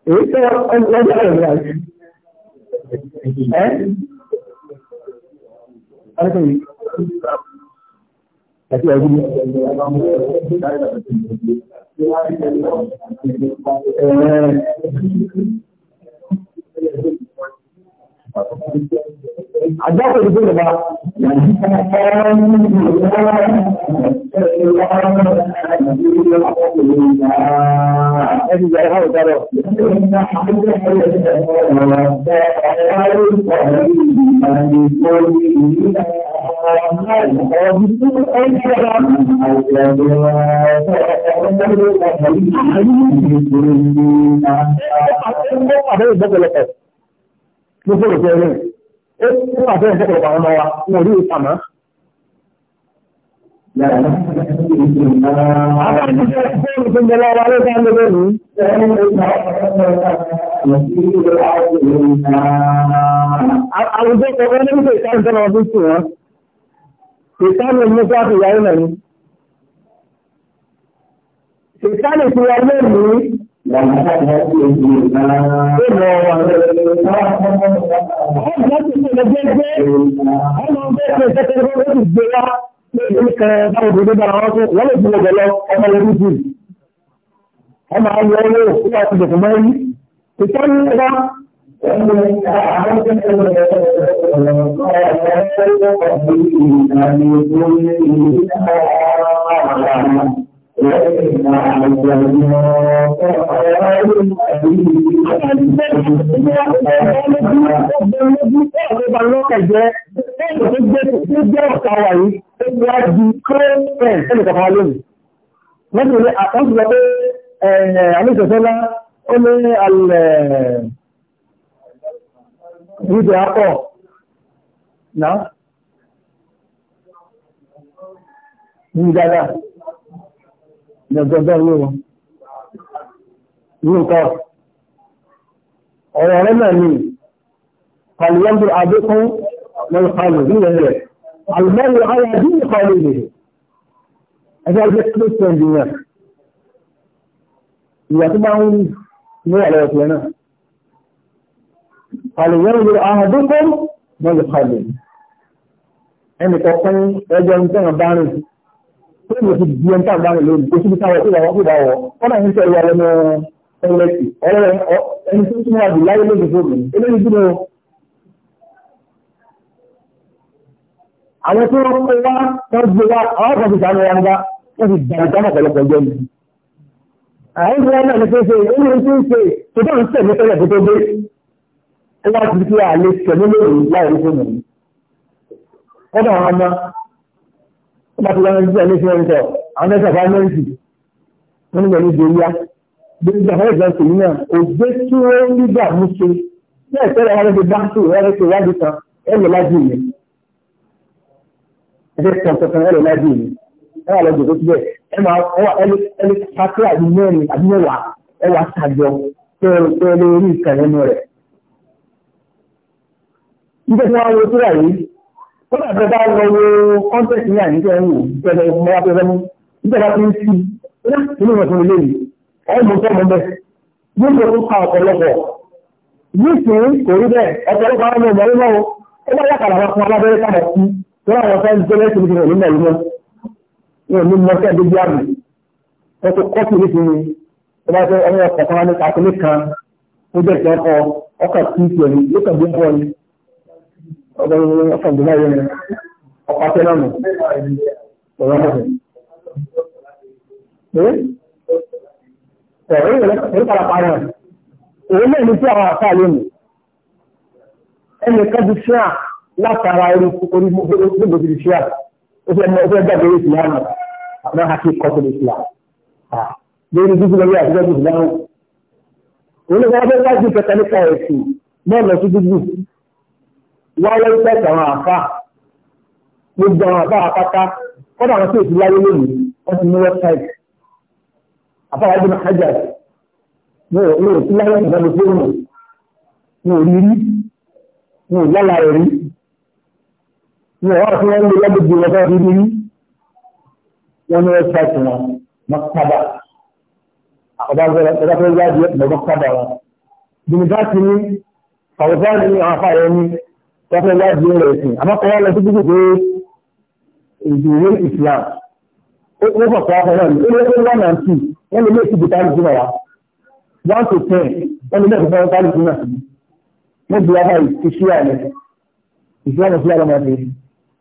èyí tó wọ́n jẹ́ ọ̀rọ̀ rẹ̀ ẹ́ ọ̀rọ̀ yìí àti ẹ̀gbẹ́ mi. Ẹ̀ẹ́ Àjọ́kọ̀ ìdíkò ìjọba, Àjọ́kọ̀ ìdíkò ló fòrò ẹ fún àfẹ́rẹ́ fẹ́ pẹ̀lú àwọn ọmọ wa wọn ò rí ìta mọ́. Àwùjọ kọ̀ọ̀kan ní ìgbà ìta ìjọba ọdún sí wọn. Ìtàní mú fún àfihàn ìyàwó náà ni. Ìtàní ti wà Ọmọ ayọ̀ owó ìwà ti bẹ̀rẹ̀ mọ́ yí. Ìtọ́lú ẹgbá ẹgbẹ̀rẹ̀ àwọn akẹ́kọ̀ọ́ ẹ̀rọ ọ̀pọ̀ ẹ̀rọ ọ̀pọ̀ ìrìnàmì ìgbóhùn ìrìnàmì Ọ̀pọ̀lọpẹ̀jẹ́ tó jẹ́ ọ̀ta wà yìí, ó wá di kọ́ẹ̀ẹ́ ẹ̀lẹ́kọ̀ọ́fà lónìí. Wọ́n tó lé àkọ́sùlọ pé àlẹ́sẹ̀sọ́lá ó lé alẹ̀ ìdí akọ̀ náà. Yìí dáadáa gbẹ̀gbẹ̀gbẹ̀ ní wọn ní nǹkan ọ̀rọ̀ rẹ̀ náà ni kàlùyọ́ndù àdékún lọ́rọ̀ kàlù nílẹ̀ rẹ̀ alùmọ́rù ayé àdínì kàlù rẹ̀ ẹgbẹ́ ẹgbẹ́ christian jù yẹn ìyà tó bá ń ní ọ̀rọ̀ ọ̀pẹ̀ náà pé mo ti di ẹni táwọn dáhùn lónìí kó síbi táwọn ìwà wọn kò bá wọ kọ́nà ń tẹ̀lé ọ̀rọ̀ ní ẹ̀rẹ́tì ọ̀rọ̀ ẹni tó ń túnmọ̀ àbí láyé lóde fóònù eléyìí dúró. àwọn tó ń pè wá tó ń gbé wá àwọn kan ti sàánú wa nígbà wọ́n ti dàrú dáná ọ̀pọ̀lọpọ̀ jẹ́ ni. àwọn ìwà náà ní kéṣe èyí ní kéṣe tó bá ń tẹ̀lé tẹ́lẹ̀ tó tó dé ó wá ti fi àlè tẹ̀lé lónìí láì ọba tó wáyé jíjẹ ní ìṣẹ́ ìṣẹ́ àwọn ẹ̀ṣẹ̀ fámẹ́ǹtì wọn nígbà ní ìgbéríyá gbèsè àwọn ìgbà tó yìí náà òjé tí wọ́n ń gbígbà mú ṣe ní ẹ̀ṣẹ́ rẹ̀ wọ́n ti bá tó wọ́n ti wádìí kan ẹ̀rọ lájú ìyẹn ẹ̀ṣẹ̀ kan kankan ẹ̀rọ lájú ìyẹn ẹ̀rọ àlọ́ jòkó síbẹ̀ ẹ̀ máa wà ẹni pàtó àbí mẹ́rin àbí mẹ́wàá ẹ̀ wà sàjọ tẹ́ẹ̀rẹ́ orí ìkànnì rẹ̀ kódà tó lọ wo kọ́ńtẹ̀tì ní àyíkẹ́ ń wò pẹ̀lẹ́ mọ́ra pẹ̀lẹ́ mú tó ń sí i ìrọ̀tún ilé yìí ọ̀hún mú sọ́mọ bẹ́ẹ̀ yóò lọ tó ka ọ̀pọ̀lọpọ̀ nísìnyí kò rí bẹ́ẹ̀ ọ̀pọ̀lọpọ̀ àwọn ọmọ ìmọ̀ o ó bá yàkàlà wọn fún abẹ́rẹ́ ká sí tó láwọn fẹ́ jẹ́ ìtẹ́kọ̀ ọkọ̀ sí ìṣẹ̀lẹ̀ ọgbọ́n ọkàn tó báyìí rẹ̀ ọkọ̀ tẹ́lá nù ọ̀rọ̀ ọ̀rọ̀ Ẹ̀rọ Èyí náà ní tí àwọn àfáà lónìí. Ẹnì kan ti ṣíà látara orí orí gbogbo ti ṣíà. Ó fẹ́ mọ ọfẹ́ gbàgbé orí ìsìlámù. Àwọn àti kọ́tù lè ṣíà. Lórí dúdú lórí àtijọ́ ìsìlámù. Òun ló fẹ́ wá fẹ́ wájú kẹta nípa ẹ̀sìn náà lọ sí dúdú wáyé ń tẹ̀sẹ̀ àwọn àfà gbogbo àwọn àfà àpáta kọ́dà àwọn tí èsì láyé lónìí wọ́n ti ní wẹ́bsáìtì àfà wájú ní hajjaj ní òòrùn tí láyé ń tẹ̀sẹ̀ fóònù ní òrí rí ní ìlàlà rẹ̀ rí ní ọ̀rọ̀ tí wọ́n ń lo lọ́gbẹ̀dì wọn fẹ́ẹ́ rí wọ́n ní wẹ́bsáìtì wọn mọ́kàdà ọba ọba fẹ́ẹ́ yá di mọ́kàdà wọn. Bùnìbá ti ní Fàwùfáà ní àwọn afáàyẹ ní tọ́fẹ́ láti ń rẹ̀ ẹ̀sìn àmọ́kọ́ wá lọ sí gbogbo pé ìdúró islam ó kọ̀ kọ́ afọ náà ó lé one and two wọ́n lè méjì bí táàlù fún wa one to ten wọ́n lè méjì fún táàlù fún wa wọ́n bí wáfà ti ṣí àmì islam sí àlọ́ máa fi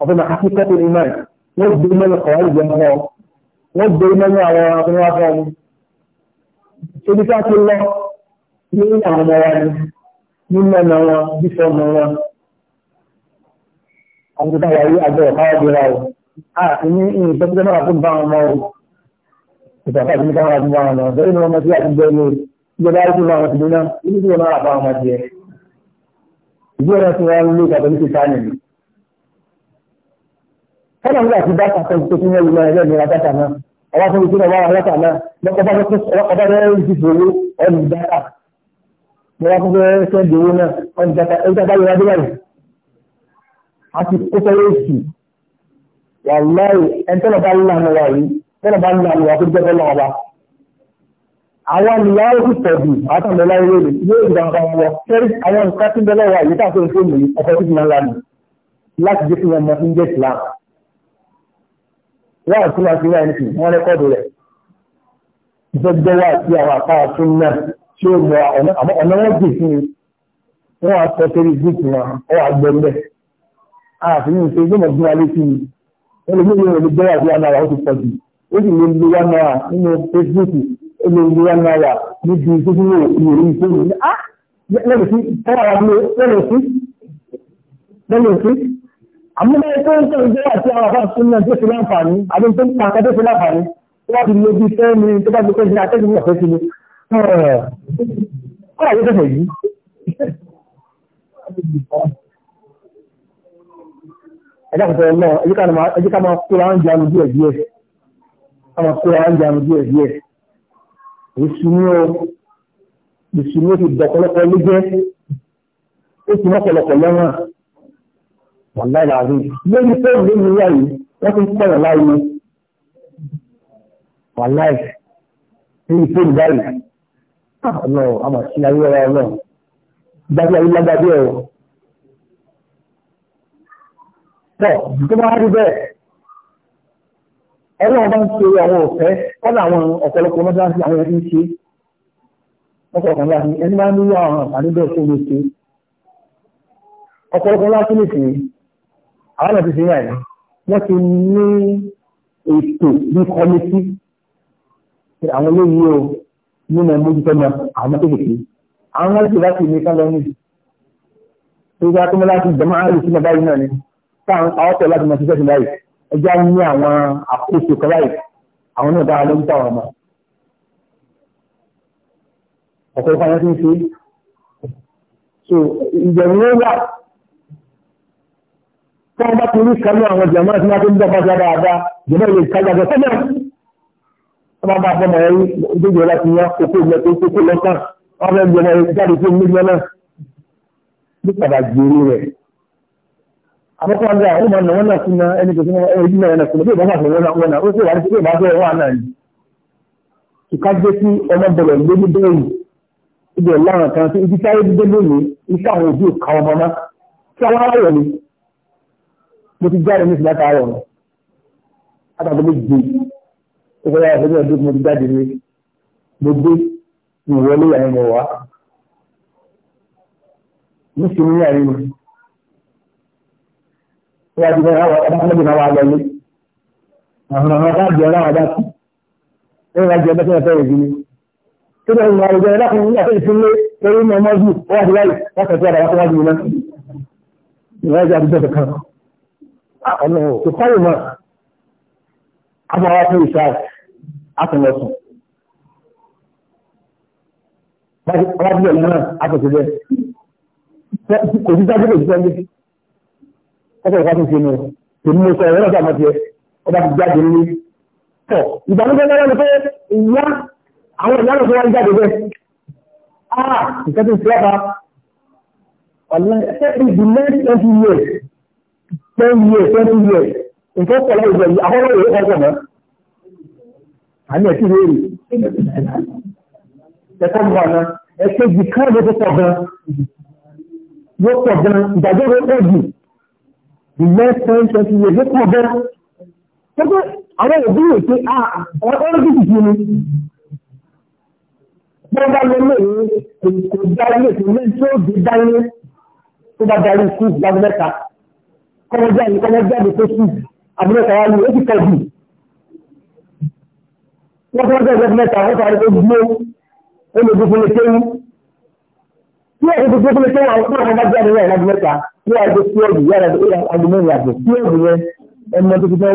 ọ̀fẹ́ máa kí kẹ́kọ̀ọ́ ní náà wọ́n gbé mẹ́lẹ̀ kọ̀ wáyé jẹun fún ọ wọ́n gbé mẹ́lẹ̀ àwọn akọ́ni wá fún ọ ṣe bí ká ti lọ ní àwọn ọmọ wa ni nínú ọmọ wọn bí sọ ọmọ wọn àwọn tó dáwà yí ini, ọ̀káwà bí ra bang mau? Kita ìrìnṣẹ́ tó náà bang, báwọn ọmọ rẹ̀ ìtàkà tó ní káwọn àti báwọn ọmọ rẹ̀ ìrìnṣẹ́ ọmọ tí a ti gbẹ́ ní ìjọba àti báwọn ti dúná ní ìjọba náà àbá ọmọ tiẹ̀ ìjọba náà ti wá ń lé ìtàkà ní kíkà nìyí. kọ́nà nígbà tí bá kàkọ́ tó tún yẹn lọ ẹgbẹ́ mi ra dáta náà ọba tó tún wá aláta náà lọ́kọ́ bá fẹ́ sẹ́ndì owó náà ọ̀ àti kó sọ́wọ́ èsì wà lọ́rù ẹni tọ́lọ̀ bá ńlá ní wà yìí tọ́lọ̀ bá ńlá ní wà tó jẹ́ tọ́lọ̀ ọba. àwọn ìyáwó sì tẹ̀bù àtàndẹ̀ láyé lè yóò di dandan wọ kẹ́rì àwọn nǹkan tí ń bẹ lọ́wọ́ àyè táwọn fún mi ọ̀pọ̀ tó ti máa ń lanu láti jẹ́ kí wọ́n mọ ń jẹ́ Islam. wọ́n àti wọn ti wáyé wọ́n rẹ́kọ́dù rẹ̀ gbẹgbẹ́ wá sí àwọn àpáwà tó ń náà tí ó mọ ọ̀nà wọn gbè fún wọn àtọ́ torí gbè àfihàn ṣe gbọ́dọ̀ gbé wa létí ni ẹlòmíì yóò lè bẹ́ẹ̀ àti àná àwọn ti pọ̀ jù ó sì lè lo one hour nínú Facebook ó lè lo one hour níbi gbogbo ìròyìn ìfowó ní á lẹ́nu sí tọ́wọ́ àwọn lẹ́nu sí lẹ́nu sí àmúlẹ̀ tó ń tẹ̀lé bẹ́ẹ̀ àti àwọn afáà tó ń náà tó fi láǹfààní àbí tó ń pa àkàtó fi láǹfààní tó bá ti lo bí fẹ́ẹ́ mi tó bá ti kọ́ sí atẹ́gùn ní ọ̀fẹ́ sí mi kọ́ ẹ̀dàkùtọ̀ ọ̀nà ẹjíká máa kóra ń jánu díẹ̀ díẹ̀ ọmọ kóra ń jánu díẹ̀ díẹ̀ ìsúnú ti dọ̀pọ̀lọpọ̀ ló jẹ́ ó ti mọ́pọ̀lọpọ̀ lọ́wọ́ wọ́n láì láàrin lórí tó lé ní ìyá yìí wọ́n ti ń pọ̀rọ̀ láàrin wọ́n láì lórí tó lè báyìí ọ̀nà àmọ̀ sí ayé ọ̀rọ̀ ọ̀nà ayé lágbàdé ọ̀rọ̀ pọ̀ tó bá rí bẹ́ẹ̀ ọlọ́run bá ń ṣe àwọn òfẹ́ kọ́lá àwọn ọ̀pọ̀lọpọ̀ mọ́tíláṣí àwọn ẹni ṣe ọ̀pọ̀lọpọ̀ láti ẹni máa ń ní àwọn àǹfààní bẹ́ẹ̀ tó lè ṣe ọ̀pọ̀lọpọ̀ láti lè ṣe àwọn ọ̀pọ̀ ti rẹ̀ wọ́n ti ní ètò ní kọ́mítì àwọn olóyè o nínú mójútó mọ àwọn kékeré àwọn láti láti ní kálọ́ níbi tó bá tó mọ́ láti jẹ́ máa ń rí sí táwọn àwọ́tọ̀ láti mọ̀ síṣẹ́ síláyì ẹjá ní àwọn àkóso kọláyì àwọn náà dára ló ń tàwọn ọmọ ọ̀pọ̀ ìfàyẹ́ tí ń ṣe so ìjẹ̀rù ló wà tí wọ́n bá ti rí kanú àwọn jẹ̀mọ́ tí wọ́n ti ń dọ́gba sí dáadáa jẹ̀mọ́ ilé ìtajà jẹ sọ́nà wọ́n bá bá fọmọ ẹ̀rí ìdíje láti yan kókó ilẹ̀ tó kókó lọ́kàn wọ́n fẹ́ gbẹmọ jáde tó ń mílíọ̀nù àkọ́kọ́ ọ̀gá ó máa nà wọ́n náà fún ẹni tó fún ẹni náà náà fún bí ìbá fún wọn náà ó sì wà ní ìbá fún ẹwà náà yìí. ìka jẹ́ sí ọmọ bọ̀rọ̀ lórí bẹ́ẹ̀rù ibi ọ̀làrán kan sí ibi táyé dídé lónìí iṣẹ́ àwọn òbí òka ọmọ náà tí àwọn aráyọ̀ ni mo ti jáde ní ìsìláta ayọ̀ rẹ̀ látàgbé méje ó fẹ́ yára fẹ́mi ọdún mo ti jáde ní mo dé ìwọlé àyẹ̀wò wa mo sì ní àyẹ̀wò wọ́n ti bẹ̀rẹ̀ àwọn ọ̀dá mẹ́bí náà wà lọ́lé àwọn ọmọ ọ̀dá jẹ́ ọ̀rá ọ̀dá sí ẹ̀rọ ajé ọ̀dá sẹ́yìn fẹ́rẹ̀ ìdílé tó bẹ̀rẹ̀ ìwà ìjọ ẹ̀dá fún ilé àfẹ́yìn sílé torí mọ̀ mọ́jú ó wà sí láyé láti ọ̀dá wá síwájú iná ìwà ìjọ àdúgbò kan ọ̀nà kò sáyè mọ́ àmọ́ wá ti bẹ́ẹ̀ kò sí sáyè kò sí sáyè ọkọ̀ ìfà tó ṣe mú tèmi mo sọ ẹ̀rọ ìjàmọ̀ tiẹ̀ ọba ti jáde ní tọ̀ ìgbàlódé lọ́wọ́ ni pé ìyá àwọn ìyá lọ́sọ̀ wá ń jáde bẹ́ẹ̀ á ah, ìkẹ́ tó ṣe ọba ọ̀lẹ́ ẹ̀rí the next twenty years ten years twenty years nǹkan pọ̀ láwùjọ yìí àwọn ọ̀rọ̀ yìí ọ̀pọ̀ mọ́ àmì ẹ̀kí rèé ẹ̀kọ́ mọ́ ọ̀nà ẹ̀kejì káàdì tó pọ̀ gan yóò pọ̀ gan ìdájọ́ rẹ̀ pọ̀ jù the next ten twenty years ó kọ̀ bẹ́ẹ̀. Pẹ́pẹ́ àwọn òbí rò pé ọ̀rọ̀ bí kìkì ni. Bọ́n bá lọ lé ní kò dá ilé ìpín lẹ́yìn tí ó di dání tó bá darí sí ìgbàgbọ́ mẹ́ta. Kọ́mọ jáde kọ́mọ jáde tó sùn àbúrò kàwá ni ó ti kọ̀ jù. Wọ́n fẹ́ gbẹ́gbẹ́ mẹ́ta wọ́n fà á lé gbó tí ẹ̀rí tó gbé pé àwọn tó wọn bá jáde rẹ̀ láti mẹ́ta tí wàá gbé sí ọ̀dù yára tó yára àgbè mẹ́rin àgbè tí ọ̀dù yẹn ẹmọ tó ti lọ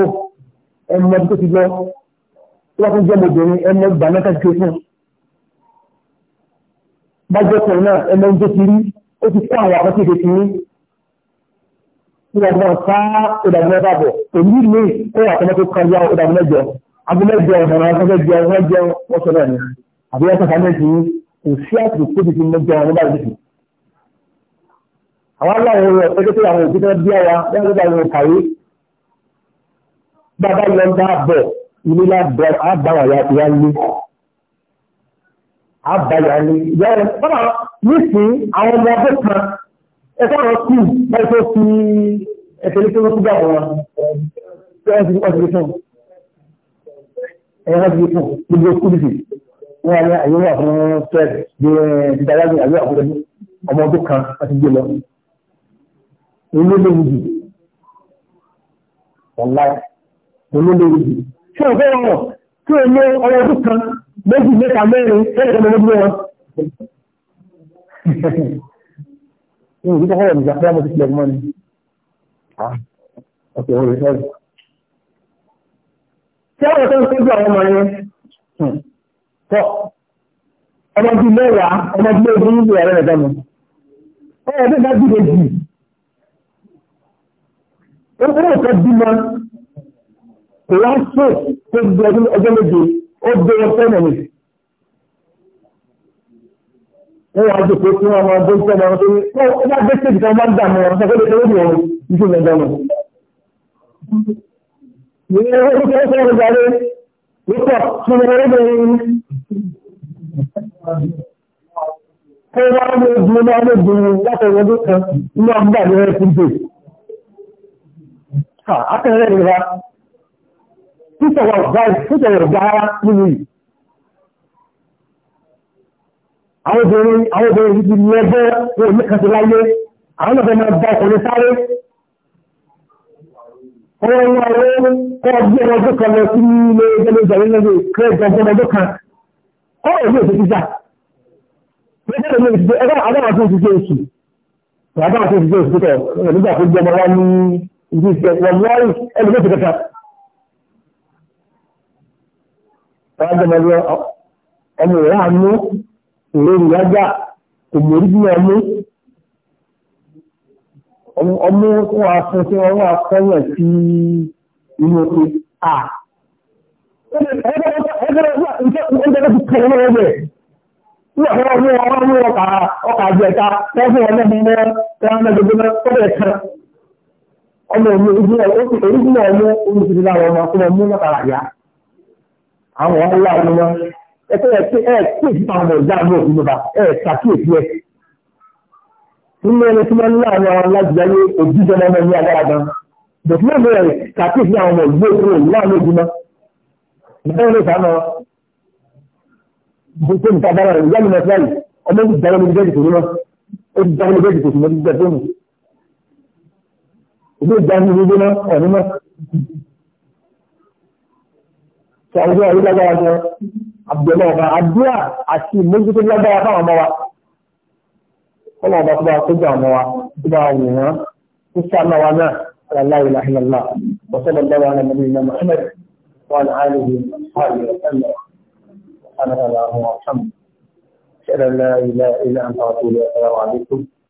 ẹmọ tó ti lọ tí wọ́n fún jẹ́ mọ̀bìnrin ẹmọ ìgbà mẹ́ta ti fún bájọ́pọ̀ náà ẹmọ tó ti rí ó ti kó àwọn akọ́tí ìfẹ́ ti rí tí wọ́n fún fa kò sí àtìkò tóbi tí mo jẹ àwọn ọmọdé àdìsí. àwọn aláwọ̀ ẹ̀rọ ẹgbẹ́ àwọn òbí náà bí àwa lẹ́gbẹ̀ẹ́ àwọn òkàwé bàbá lọ bá bọ̀ ilé lábẹ́ àbáwọ̀ ya ti wá lé àbáyà ni ìyá rẹ̀ bàbá nísìnyí àwọn ọmọ ọdún kan ẹ̀kọ́ àwọn skul báyìí tó fi ẹ̀tẹ̀lé tó lọ́kùgbà wọn ẹ̀rọ ti fi ọ̀sẹ̀ fún ẹ̀rọ ti fi fún gbogbo skul fìdí wọ́n ní àyè wà fún fẹ́ẹ̀ bí dídáyàgbé àyè wà fún ọmọ ọdún kan láti gbé lọ. Ilé lè wù jù. Ọ̀la ilé lè wù jù. Ṣé o fẹ́ràn wọ̀? Ṣé o lé ọmọ ọdún kan méjì mẹ́ta mẹ́rin fẹ́rẹ̀ tó lọ́dún wọn? Ní ìdí kọ́kọ́ ìjà fẹ́ mo ti tilẹ̀ mọ́ ni. Ọ̀sẹ̀ òwe sọ́ọ̀rọ̀. Ṣé àwọn ọ̀sẹ̀ ń tọ́jú àwọn ọmọ yẹn? Hmm tọ́ ọmọ bíi mẹ́wàá ọmọ bíi mẹ́wàá ní ìyàrá rẹ̀ dánù ọmọ bíi bá dìde jù owó nǹkan bímọ kò wá ṣe tó di ọdún ọjọ́ méje ó gbé wọn sẹ́nà mi. wọ́n wá jù pé kí wọ́n máa bó sẹ́nà wọn tó ní kó ó bá gbé sèkì kan máa ń dààmú wọn sọ́kọ́ lóṣèlú ní ọ̀run ìṣòro ìdánù. ìyẹn ó ń sọ́kọ́ Lọ́pọ̀ tí mo rẹ̀ lè rí. Kó wá lè di ọmọ ọmọbìnrin látọ̀rọ̀ ọdún kan inú àgbà ní ẹ̀kú dè. Akẹ́rẹ́ rẹ̀ ra. Títọ̀wọ̀ ọ̀gá ara nínú yìí. Àwọn obìnrin àwọn obìnrin yìí ti lẹ́gbẹ́ wọn ní kàtí láyé. Àwọn ọ̀fẹ́ máa bá ọkùnrin sáré ọwọ́ ọrụ ọwọ́ kọ́ bí ọmọdé kan lọ sí ilé ẹgbẹ́lẹ́ ìjà nínú ilé kẹjọ ọmọdé kan kọ́ èmi ọmọ wọn afún tí wọn wà kọ́yẹ̀ sí inú oké à ọmọ omi ìgbìmọ̀ orígbìmọ̀ nínú ẹni tí wọ́n ní àwọn àwọn alájùláyé òjíjọ náà ní agbára gan. bẹ̀tí náà bẹ̀rẹ̀ kàkíyèsí àwọn ọmọ ìlú èkó òun láàánú ojúmọ́. ìbẹ́rẹ̀ lè sànà bóṣe níta bára rẹ̀ ìyá mi náà fúláyì ọmọ ìlú ìdáwọ́ níbi bẹ́ẹ̀dì tòun náà ó ti dáwọ́ níbi bẹ́ẹ̀dì tòun náà gbígbẹ́ fóònù. ìlú ìdáwọ́ níbi gbígbẹ́ náà ọ̀nì náà. sọ àwọn ìlú àdúrà àti ìmójútó lágbára fáwọn ọmọ wa kọ́lọ̀ ọba tó bá kójú àwọn wa tó bá wù wọ́n tó sáànà wa náà aláwọ̀ ìlàhìlàlá wọ́sọ̀lọ̀ lọ́wọ́ àwọn ọmọdé iná muhammed wọn àlejò àlejò ẹ̀mọ́ سبحانك اللهم وبحمدك اشهد ان لا اله الا انت واتوب اليك السلام عليكم